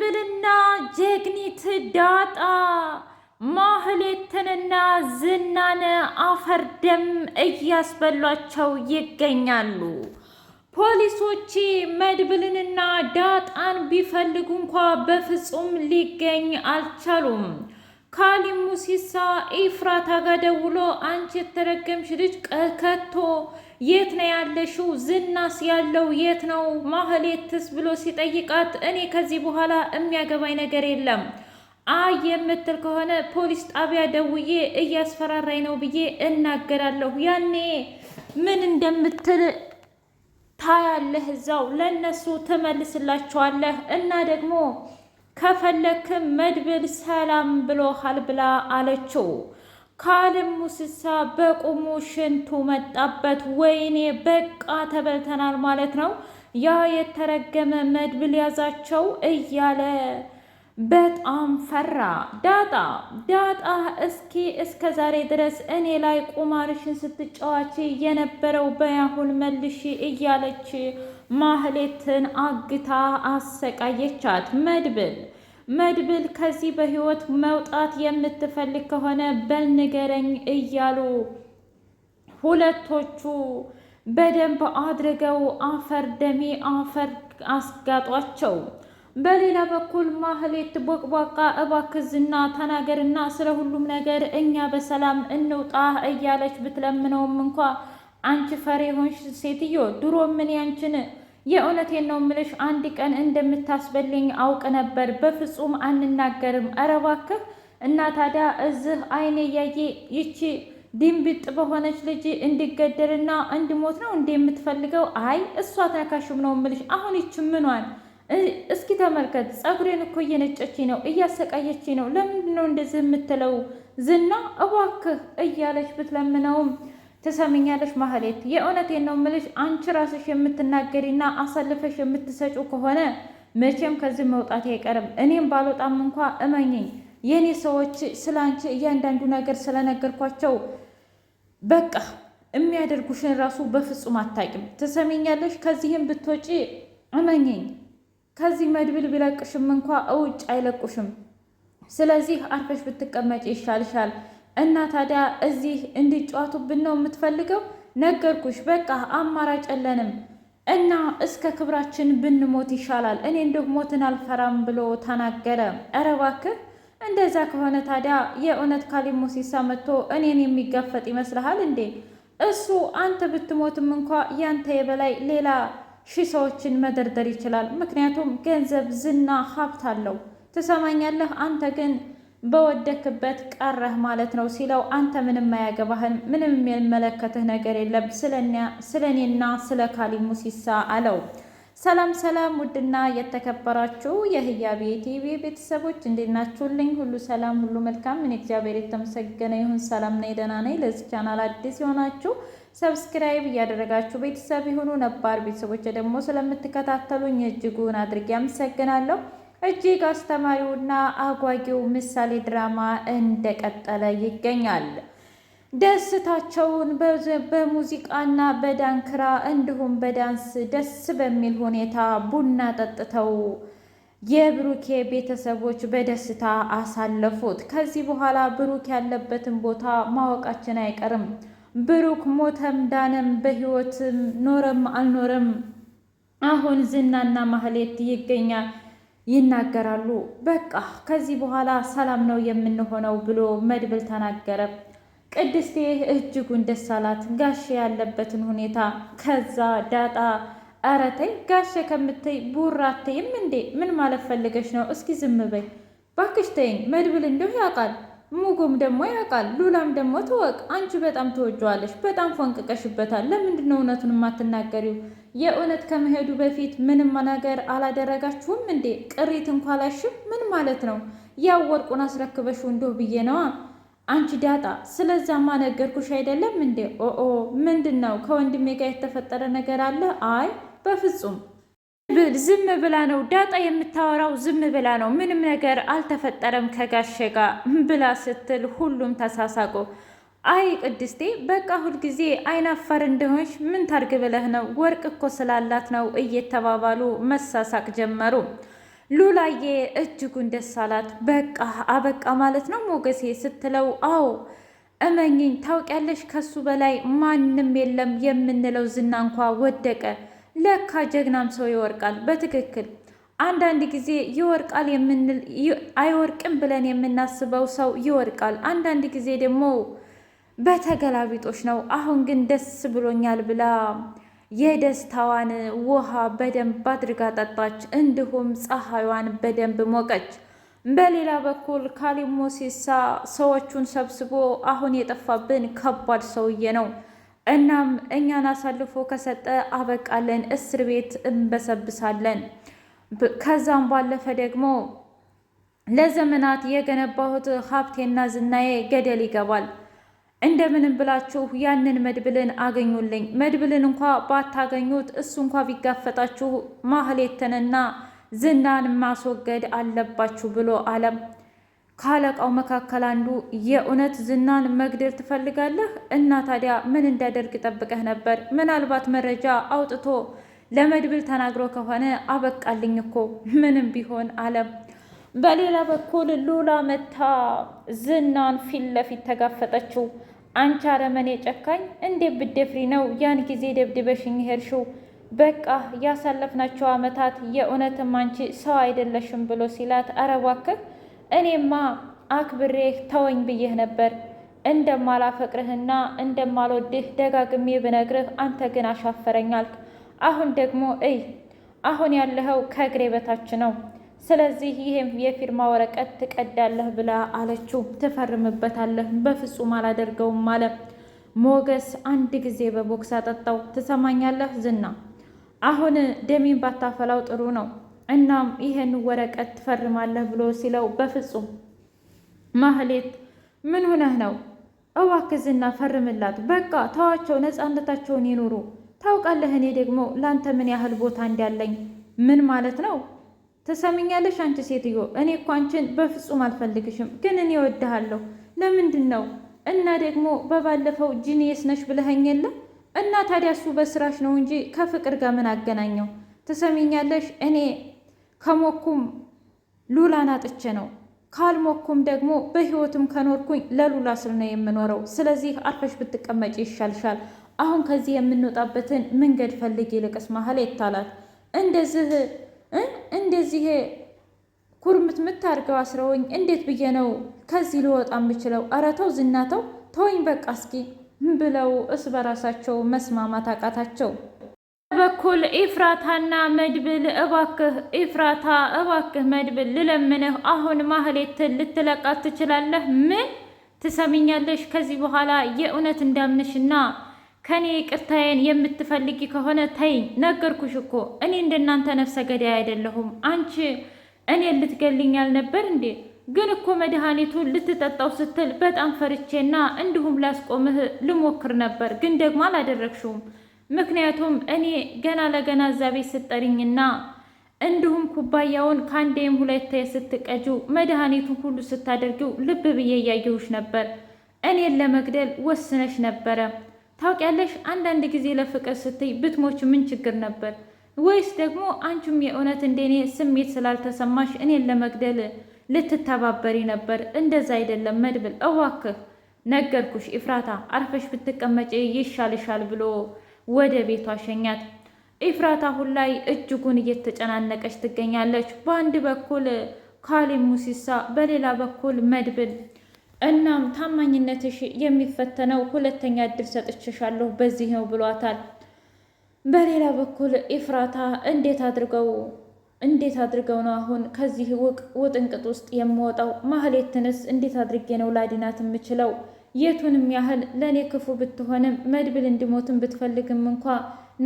ድልብልና ጀግኒት ዳጣ ማህሌትንና ዝናን አፈር ደም እያስበሏቸው ይገኛሉ። ፖሊሶች መድብልንና ዳጣን ቢፈልጉ እንኳ በፍጹም ሊገኝ አልቻሉም። ካሊብ ሙሲሳ ኤፍራታ ጋር ደውሎ አንቺ የተረገምሽ ልጅ ከቶ የት ነው ያለሽው? ዝናስ ያለው የት ነው? ማህሌትስ ብሎ ሲጠይቃት እኔ ከዚህ በኋላ የሚያገባኝ ነገር የለም አይ የምትል ከሆነ ፖሊስ ጣቢያ ደውዬ እያስፈራራኝ ነው ብዬ እናገራለሁ። ያኔ ምን እንደምትል ታያለህ። እዛው ለእነሱ ትመልስላቸዋለህ እና ደግሞ ከፈለክም መድብል ሰላም ብሎሃል ብላ አለችው። ካልም ሙስሳ በቁሙ ሽንቱ መጣበት። ወይኔ በቃ ተበልተናል ማለት ነው። ያ የተረገመ መድብል ያዛቸው እያለ በጣም ፈራ። ዳጣ ዳጣ እስኪ እስከ ዛሬ ድረስ እኔ ላይ ቁማርሽን ስትጫዋች የነበረው በያሁን መልሽ እያለች ማህሌትን አግታ አሰቃየቻት። መድብል መድብል ከዚህ በህይወት መውጣት የምትፈልግ ከሆነ በልንገረኝ እያሉ ሁለቶቹ በደንብ አድርገው አፈር ደሜ አፈር አስጋጧቸው። በሌላ በኩል ማህሌት ቦቅቧቃ እባክዝና ተናገርና ስለ ሁሉም ነገር እኛ በሰላም እንውጣ እያለች ብትለምነውም እንኳ አንቺ ፈሪ የሆንሽ ሴትዮ፣ ድሮ ምን ያንቺን የእውነቴን ነው ምልሽ፣ አንድ ቀን እንደምታስበልኝ አውቅ ነበር። በፍጹም አንናገርም። ኧረ እባክህ እና ታዲያ እዚህ አይኔ እያየ ይቺ ድንብጥ በሆነች ልጅ እንዲገደልና እንዲሞት ነው እንደ የምትፈልገው? አይ እሷ ተካሽም ነው ምልሽ። አሁን ይች ምኗን እስኪ ተመልከት። ጸጉሬን እኮ እየነጨች ነው፣ እያሰቃየች ነው። ለምንድን ነው እንደዚህ የምትለው? ዝና እባክህ እያለች ብትለምነውም ትሰምኛለሽ ማህሌት፣ የእውነቴን ነው የምልሽ። አንቺ ራስሽ የምትናገሪና አሳልፈሽ የምትሰጩ ከሆነ መቼም ከዚህ መውጣት አይቀርም። እኔም ባልወጣም እንኳ እመኝኝ፣ የእኔ ሰዎች ስለ አንቺ እያንዳንዱ ነገር ስለነገርኳቸው በቃ የሚያደርጉሽን ራሱ በፍጹም አታቂም። ትሰሚኛለሽ? ከዚህም ብትወጪ እመኝኝ፣ ከዚህ መድብል ቢለቅሽም እንኳ እውጭ አይለቁሽም። ስለዚህ አርፈሽ ብትቀመጭ ይሻልሻል። እና ታዲያ እዚህ እንዲጫወቱብን ነው የምትፈልገው? ነገርኩሽ፣ በቃ አማራጭ የለንም እና እስከ ክብራችን ብንሞት ይሻላል። እኔ እንደው ሞትን አልፈራም ብሎ ተናገረ። ኧረ እባክህ እንደዛ ከሆነ ታዲያ የእውነት ካሊብ መጥቶ እኔን የሚጋፈጥ ይመስልሃል እንዴ? እሱ አንተ ብትሞትም እንኳ ያንተ የበላይ ሌላ ሺ ሰዎችን መደርደር ይችላል። ምክንያቱም ገንዘብ፣ ዝና፣ ሀብት አለው። ትሰማኛለህ? አንተ ግን በወደክበት ቀረህ ማለት ነው ሲለው፣ አንተ ምንም ማያገባህን ምንም የሚመለከትህ ነገር የለም ስለ እኔና ስለ ካሊብ ሙሲሳ አለው። ሰላም ሰላም! ውድና የተከበራችሁ የህያቤ ቲቪ ቤተሰቦች እንዴት ናችሁልኝ? ሁሉ ሰላም፣ ሁሉ መልካም። ምን እግዚአብሔር የተመሰገነ ይሁን ሰላም ነኝ፣ ደህና ነኝ። ለዚህ ቻናል አዲስ የሆናችሁ ሰብስክራይብ እያደረጋችሁ ቤተሰብ የሆኑ ነባር ቤተሰቦች ደግሞ ስለምትከታተሉኝ እጅጉን አድርጌ አመሰግናለሁ። እጅግ አስተማሪውና አጓጊው ምሳሌ ድራማ እንደቀጠለ ይገኛል። ደስታቸውን በሙዚቃና በዳንክራ እንዲሁም በዳንስ ደስ በሚል ሁኔታ ቡና ጠጥተው የብሩኬ ቤተሰቦች በደስታ አሳለፉት። ከዚህ በኋላ ብሩክ ያለበትን ቦታ ማወቃችን አይቀርም። ብሩክ ሞተም ዳነም በሕይወትም ኖረም አልኖረም አሁን ዝናና ማህሌት ይገኛል ይናገራሉ። በቃ ከዚህ በኋላ ሰላም ነው የምንሆነው ብሎ መድብል ተናገረ። ቅድስቴ እጅጉን ደስ አላት። ያለበትን ሁኔታ ከዛ ዳጣ ኧረ ተይ ጋሼ ከምትይ ቡራ አትይም እንዴ? ምን ማለት ፈልገሽ ነው? እስኪ ዝም በይ ባክሽ ተይኝ። መድብል እንደው ያውቃል ሙጉም ደግሞ ያውቃል። ሉላም ደግሞ ትወቅ፣ አንቺ በጣም ትወጂዋለሽ፣ በጣም ፎንቅቀሽበታል። ለምንድን ነው እውነቱን የማትናገሪው? የእውነት ከመሄዱ በፊት ምንም ነገር አላደረጋችሁም እንዴ? ቅሪት እንኳ ላሽም? ምን ማለት ነው? ያው ወርቁን አስረክበሽው እንደው ብዬ ነዋ። አንቺ ዳጣ፣ ስለዛማ ነገርኩሽ አይደለም እንዴ? ኦኦ፣ ምንድን ነው ከወንድሜ ጋር የተፈጠረ ነገር አለ? አይ በፍጹም ዝም ብላ ነው ዳጣ የምታወራው፣ ዝም ብላ ነው። ምንም ነገር አልተፈጠረም ከጋሼ ጋር ብላ ስትል ሁሉም ተሳሳቁ። አይ ቅድስቴ፣ በቃ ሁልጊዜ አይናፋር እንደሆንሽ ምን ታርግ ብለህ ነው? ወርቅ እኮ ስላላት ነው እየተባባሉ መሳሳቅ ጀመሩ። ሉላዬ እጅጉን ደስ አላት። በቃ አበቃ ማለት ነው ሞገሴ ስትለው፣ አዎ እመኝኝ፣ ታውቂያለሽ ከሱ በላይ ማንም የለም የምንለው ዝና እንኳ ወደቀ ለካ ጀግናም ሰው ይወርቃል። በትክክል አንዳንድ ጊዜ ይወርቃል የምንል አይወርቅም ብለን የምናስበው ሰው ይወርቃል። አንዳንድ ጊዜ ደግሞ በተገላቢጦች ነው። አሁን ግን ደስ ብሎኛል ብላ የደስታዋን ውሃ በደንብ አድርጋ ጠጣች። እንዲሁም ፀሐይዋን በደንብ ሞቀች። በሌላ በኩል ካሊሞሲሳ ሰዎቹን ሰብስቦ አሁን የጠፋብን ከባድ ሰውዬ ነው እናም እኛን አሳልፎ ከሰጠ አበቃለን፣ እስር ቤት እንበሰብሳለን። ከዛም ባለፈ ደግሞ ለዘመናት የገነባሁት ሀብቴና ዝናዬ ገደል ይገባል። እንደምንም ብላችሁ ያንን መድብልን አገኙልኝ። መድብልን እንኳ ባታገኙት እሱ እንኳ ቢጋፈጣችሁ ማህሌትንና ዝናን ማስወገድ አለባችሁ ብሎ አለም። ካለቃው መካከል አንዱ የእውነት ዝናን መግደል ትፈልጋለህ? እና ታዲያ ምን እንዳደርግ ጠብቀህ ነበር? ምናልባት መረጃ አውጥቶ ለመድብል ተናግሮ ከሆነ አበቃልኝ እኮ ምንም ቢሆን አለም። በሌላ በኩል ሉላ መታ ዝናን ፊት ለፊት ተጋፈጠችው። አንቺ አረመኔ ጨካኝ፣ እንዴት ብደፍሪ ነው ያን ጊዜ ደብድበሽኝ ሄድሽው? በቃ ያሳለፍናቸው አመታት የእውነትም አንቺ ሰው አይደለሽም ብሎ ሲላት አረ እባክህ እኔማ አክብሬህ ተወኝ ብዬህ ነበር እንደማላፈቅርህና እንደማልወድህ ደጋግሜ ብነግርህ አንተ ግን አሻፈረኛል አሁን ደግሞ እይ አሁን ያለኸው ከእግሬ በታች ነው። ስለዚህ ይህም የፊርማ ወረቀት ትቀዳለህ ብላ አለችው። ትፈርምበታለህ። በፍጹም አላደርገውም አለ ሞገስ። አንድ ጊዜ በቦክስ አጠጣው። ትሰማኛለህ ዝና፣ አሁን ደሜን ባታፈላው ጥሩ ነው እናም ይሄን ወረቀት ትፈርማለህ ብሎ ሲለው በፍጹም ማህሌት ምን ሆነህ ነው? እባክህ ዝና ፈርምላት፣ በቃ ተዋቸው፣ ነፃነታቸውን ይኑሩ። ታውቃለህ እኔ ደግሞ ለአንተ ምን ያህል ቦታ እንዳለኝ። ምን ማለት ነው? ትሰምኛለሽ? አንቺ ሴትዮ እኔ እኮ አንቺን በፍጹም አልፈልግሽም፣ ግን እኔ እወድሃለሁ። ለምንድን ነው እና ደግሞ በባለፈው ጂኒየስ ነሽ ብለኸኝ የለ? እና ታዲያ እሱ በስራሽ ነው እንጂ ከፍቅር ጋር ምን አገናኘው? ትሰሚኛለሽ እኔ ከሞኩም ሉላን አጥቼ ነው። ካልሞኩም ደግሞ በህይወትም ከኖርኩኝ ለሉላ ስል ነው የምኖረው። ስለዚህ አርፈሽ ብትቀመጭ ይሻልሻል። አሁን ከዚህ የምንወጣበትን መንገድ ፈልግ ይልቅስ ማህሌት አላት። እንደዚህ እንደዚህ ኩርምት ምታርገው አስረውኝ እንዴት ብዬ ነው ከዚህ ልወጣ የምችለው? ኧረ ተው ዝናተው ተወኝ በቃ እስኪ ብለው እስ በራሳቸው መስማማት አቃታቸው። በኩል ኤፍራታና መድብል እባክህ ኤፍራታ እባክህ መድብል ልለምንህ፣ አሁን ማህሌትን ልትለቃት ትችላለህ? ምን ትሰሚኛለሽ? ከዚህ በኋላ የእውነት እንዳምንሽና ከኔ ይቅርታዬን የምትፈልጊ ከሆነ ተይኝ። ነገርኩሽ እኮ እኔ እንደናንተ ነፍሰ ገዳይ አይደለሁም። አንቺ እኔን ልትገልኝ አልነበር እንዴ? ግን እኮ መድኃኒቱን ልትጠጣው ስትል በጣም ፈርቼና እንዲሁም ላስቆምህ ልሞክር ነበር፣ ግን ደግሞ አላደረግሽውም። ምክንያቱም እኔ ገና ለገና እዛ ቤት ስጠሪኝና እንዲሁም ኩባያውን ከአንዴም ሁለቴ ስትቀጁ መድኃኒቱን ሁሉ ስታደርጊው ልብ ብዬ እያየሁሽ ነበር። እኔን ለመግደል ወስነሽ ነበረ። ታውቂያለሽ፣ አንዳንድ ጊዜ ለፍቅር ስትይ ብትሞች ምን ችግር ነበር? ወይስ ደግሞ አንቺም የእውነት እንደኔ ስሜት ስላልተሰማሽ እኔን ለመግደል ልትተባበሪ ነበር? እንደዛ አይደለም መድብል፣ እዋክህ ነገርኩሽ፣ ኢፍራታ አርፈሽ ብትቀመጪ ይሻልሻል ብሎ ወደ ቤቷ ሸኛት። ኢፍራታ አሁን ላይ እጅጉን እየተጨናነቀች ትገኛለች። በአንድ በኩል ካሌብ ሙሲሳ፣ በሌላ በኩል መድብል። እናም ታማኝነትሽ የሚፈተነው ሁለተኛ እድል ሰጥቼሻለሁ በዚህ ነው ብሏታል። በሌላ በኩል ኢፍራታ እንዴት አድርገው እንዴት አድርገው ነው አሁን ከዚህ ውቅ ውጥንቅጥ ውስጥ የምወጣው? ማህሌትንስ እንዴት አድርጌ ነው ላዲናት የምችለው? የቱንም ያህል ለእኔ ክፉ ብትሆንም መድብል እንዲሞትም ብትፈልግም እንኳ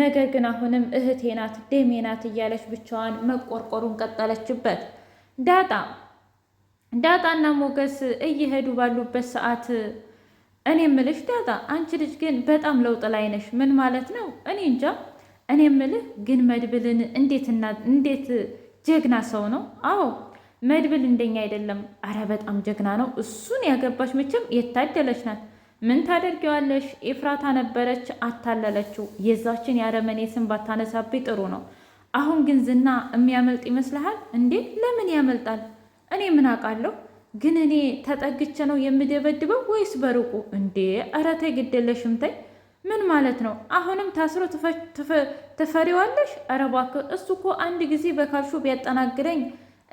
ነገር ግን አሁንም እህቴ ናት ደሜ ናት እያለች ብቻዋን መቆርቆሩን ቀጠለችበት። ዳጣ ዳጣና ሞገስ እየሄዱ ባሉበት ሰዓት እኔ ምልሽ ዳጣ፣ አንቺ ልጅ ግን በጣም ለውጥ ላይ ነሽ። ምን ማለት ነው? እኔ እንጃ። እኔ ምልህ ግን መድብልን እንዴት ጀግና ሰው ነው። አዎ መድብል እንደኛ አይደለም። አረ በጣም ጀግና ነው። እሱን ያገባች መቼም የታደለች ናት። ምን ታደርጊዋለሽ? ኤፍራታ ነበረች አታለለችው። የዛችን የአረመኔ ስም ባታነሳብኝ ጥሩ ነው። አሁን ግን ዝና የሚያመልጥ ይመስልሃል እንዴ? ለምን ያመልጣል? እኔ ምን አውቃለሁ? ግን እኔ ተጠግቼ ነው የምደበድበው ወይስ በሩቁ እንዴ? እረ ተይ ግደለሽም ተይ። ምን ማለት ነው? አሁንም ታስሮ ትፈሪዋለሽ? እረ እባክህ እሱ እኮ አንድ ጊዜ በካልሾ ቢያጠናግረኝ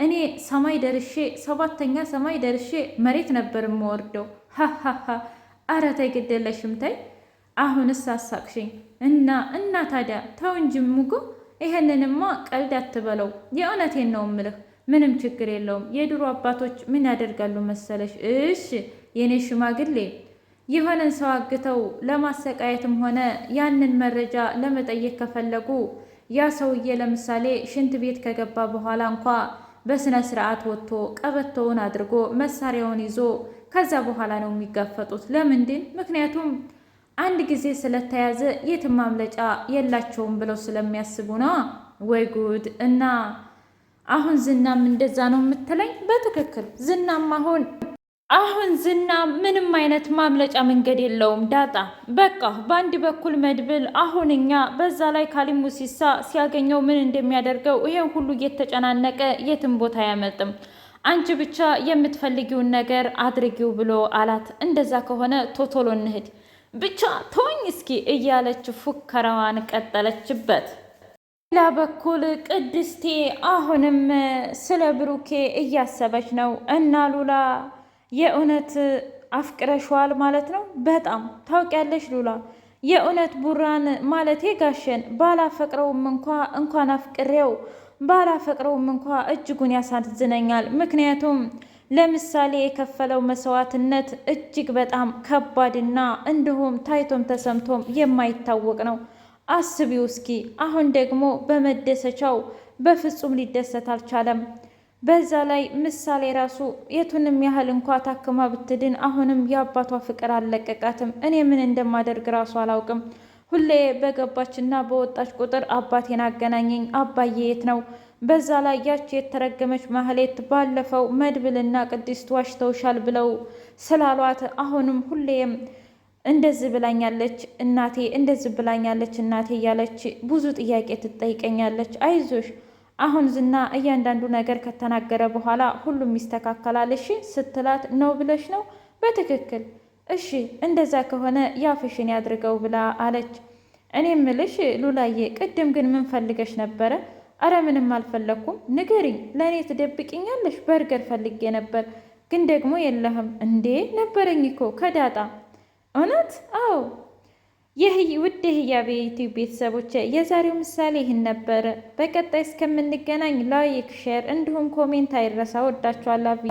እኔ ሰማይ ደርሼ ሰባተኛ ሰማይ ደርሼ መሬት ነበር የምወርደው። ሀሀሀ አረ ተይ ግደለሽም ተይ። አሁንስ አሳቅሽኝ። እና እና ታዲያ ተው እንጂ ሙጎ፣ ይሄንንማ ቀልድ አትበለው። የእውነቴን ነው ምልህ። ምንም ችግር የለውም። የድሮ አባቶች ምን ያደርጋሉ መሰለሽ? እሽ የእኔ ሽማግሌ የሆነን ሰው አግተው ለማሰቃየትም ሆነ ያንን መረጃ ለመጠየቅ ከፈለጉ ያ ሰውዬ ለምሳሌ ሽንት ቤት ከገባ በኋላ እንኳ በስነ ስርዓት ወጥቶ ቀበቶውን አድርጎ መሳሪያውን ይዞ ከዛ በኋላ ነው የሚጋፈጡት። ለምንድን? ምክንያቱም አንድ ጊዜ ስለተያዘ የትም ማምለጫ የላቸውም ብለው ስለሚያስቡ ነዋ። ወይ ጉድ! እና አሁን ዝናም እንደዛ ነው የምትለኝ? በትክክል ዝናም አሁን አሁን ዝና ምንም አይነት ማምለጫ መንገድ የለውም። ዳጣ በቃ በአንድ በኩል መድብል አሁን እኛ በዛ ላይ ካሊሙ ሲሳ ሲያገኘው ምን እንደሚያደርገው ይሄን ሁሉ እየተጨናነቀ የትም ቦታ አያመልጥም። አንቺ ብቻ የምትፈልጊውን ነገር አድርጊው ብሎ አላት። እንደዛ ከሆነ ቶቶሎ እንሂድ ብቻ ተወኝ እስኪ እያለች ፉከራዋን ቀጠለችበት። ሌላ በኩል ቅድስቴ አሁንም ስለ ብሩኬ እያሰበች ነው እና ሉላ የእውነት አፍቅረሸዋል ማለት ነው? በጣም ታውቂያለሽ ሉላ የእውነት ቡራን ማለቴ ጋሸን ባላፈቅረውም እንኳ እንኳን አፍቅሬው ባላፈቅረውም እንኳ እጅጉን ያሳዝነኛል። ምክንያቱም ለምሳሌ የከፈለው መስዋዕትነት እጅግ በጣም ከባድና እንዲሁም ታይቶም ተሰምቶም የማይታወቅ ነው። አስቢው እስኪ። አሁን ደግሞ በመደሰቻው በፍጹም ሊደሰት አልቻለም። በዛ ላይ ምሳሌ ራሱ የቱንም ያህል እንኳ ታክማ ብትድን አሁንም የአባቷ ፍቅር አልለቀቃትም። እኔ ምን እንደማደርግ ራሱ አላውቅም። ሁሌ በገባችና በወጣች ቁጥር አባቴን አገናኘኝ፣ አባዬ የት ነው? በዛ ላይ ያች የተረገመች ማህሌት ባለፈው መድብልና ቅድስት ዋሽተውሻል ብለው ስላሏት አሁንም ሁሌም እንደዚህ ብላኛለች እናቴ፣ እንደዚህ ብላኛለች እናቴ እያለች ብዙ ጥያቄ ትጠይቀኛለች። አይዞሽ አሁን ዝና እያንዳንዱ ነገር ከተናገረ በኋላ ሁሉም ይስተካከላል እሺ ስትላት ነው ብለሽ ነው? በትክክል እሺ፣ እንደዛ ከሆነ ያፍሽን ያድርገው ብላ አለች። እኔ ምልሽ ሉላዬ፣ ቅድም ግን ምን ፈልገሽ ነበረ? አረ ምንም አልፈለግኩም፣ ንገሪኝ። ለእኔ ትደብቅኛለሽ? በርገር ፈልጌ ነበር ግን ደግሞ የለህም። እንዴ ነበረኝ እኮ ከዳጣ። እውነት? አዎ ይህ ውድ ህያቤ ዩቲዩብ ቤተሰቦች የዛሬው ምሳሌ ይህን ነበር። በቀጣይ እስከምንገናኝ ላይክ፣ ሼር እንዲሁም ኮሜንት አይረሳ። ወዳችኋለሁ።